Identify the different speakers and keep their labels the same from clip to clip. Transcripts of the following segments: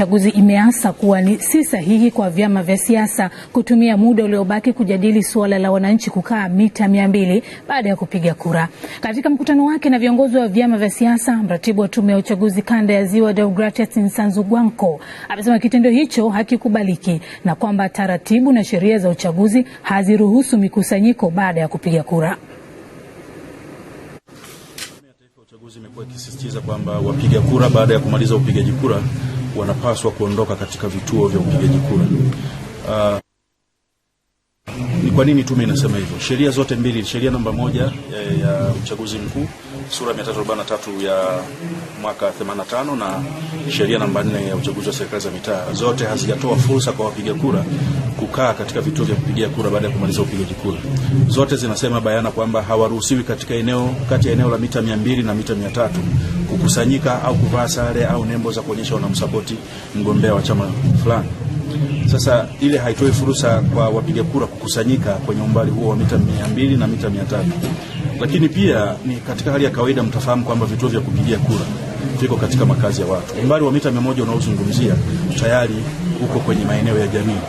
Speaker 1: uchaguzi imeasa kuwa ni si sahihi kwa vyama vya siasa kutumia muda uliobaki kujadili suala la wananchi kukaa mita mia mbili baada ya kupiga kura. Katika mkutano wake na viongozi wa vyama vya siasa, mratibu wa tume ya uchaguzi kanda ya Ziwa Deogratias amesema kitendo hicho hakikubaliki na kwamba taratibu na sheria za uchaguzi haziruhusu mikusanyiko baada ya kupiga kura.
Speaker 2: Uchaguzi imekuwa ikisisitiza kwamba wapiga kura baada ya kumaliza upigaji kura wanapaswa kuondoka katika vituo vya upigaji kura. Uh, ni kwa nini tume inasema hivyo? Sheria zote mbili, sheria namba moja ya, eh, ya uchaguzi mkuu sura 343 ya mwaka 85 na sheria namba 4 ya uchaguzi wa serikali za mitaa, zote hazijatoa fursa kwa wapiga kura kukaa katika vituo vya kupigia kura baada ya kumaliza upigaji kura. Zote zinasema bayana kwamba hawaruhusiwi katika eneo kati ya eneo la mita 200 na mita 300 kukusanyika au kuvaa sare au nembo za kuonyesha wanamsapoti mgombea wa chama fulani. Sasa ile haitoi fursa kwa wapiga kura kukusanyika kwenye umbali huo wa mita mia mbili na mita mia tatu lakini pia ni katika hali ya kawaida, mtafahamu kwamba vituo vya kupigia kura viko katika makazi ya watu. Umbali wa mita mia moja unaozungumzia tayari uko kwenye maeneo ya jamii,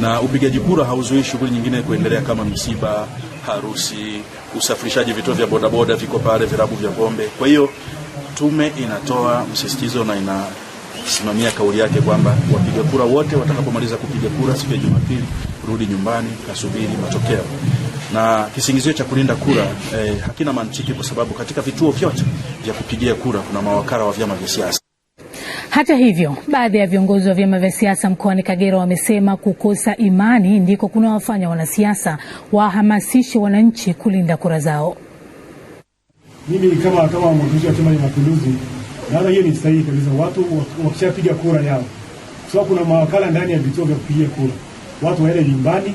Speaker 2: na upigaji kura hauzuii shughuli nyingine kuendelea kama misiba, harusi, usafirishaji. Vituo vya bodaboda viko pale, virabu vya pombe. Kwa hiyo Tume inatoa msisitizo na inasimamia kauli yake kwamba wapiga kura wote watakapomaliza kupiga kura siku ya Jumapili, rudi nyumbani kasubiri matokeo. Na kisingizio cha kulinda kura eh, hakina mantiki kwa sababu katika vituo vyote vya kupigia kura kuna mawakala wa vyama vya siasa.
Speaker 1: Hata hivyo, baadhi ya viongozi wa vyama vya siasa mkoani Kagera wamesema kukosa imani ndiko kunawafanya wanasiasa wahamasishe wananchi kulinda kura zao
Speaker 3: mimi kama kama mwakilishi wa Chama cha Mapinduzi naona hiyo ni sahihi kabisa. Watu wakishapiga kura yao, kwa kuna mawakala ndani ya vituo vya kupigia kura, watu waende nyumbani,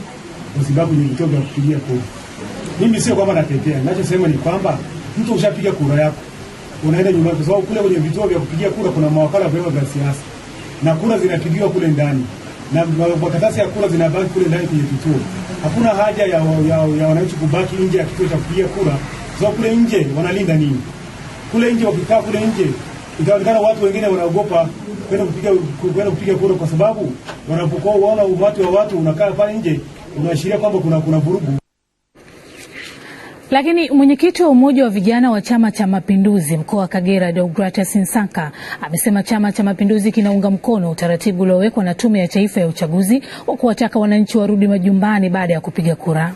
Speaker 3: wasibaki kwenye vituo vya kupigia kura. Mimi sio kwamba natetea, ninachosema ni kwamba mtu ushapiga kura yako unaenda nyumbani, kwa sababu kule kwenye vituo vya kupigia kura kuna mawakala wa vyama vya siasa na kura zinapigiwa kule ndani na makaratasi ya kura zinabaki kule ndani kwenye vituo. Hakuna haja ya, ya, ya wananchi kubaki nje ya kituo cha kupigia kura za kule nje wanalinda nini? Kule nje wakikaa kule nje, itaonekana watu wengine wanaogopa kwenda kupiga kwenda kupiga kura, kwa sababu wanapokuwa waona umati wa watu unakaa pale nje, unaashiria kwamba kuna kuna vurugu.
Speaker 1: Lakini mwenyekiti wa umoja wa vijana wa Chama cha Mapinduzi mkoa wa Kagera, Deogratus Nsanka, amesema Chama cha Mapinduzi kinaunga mkono utaratibu uliowekwa na Tume ya Taifa ya Uchaguzi wa kuwataka wananchi warudi majumbani baada ya kupiga kura.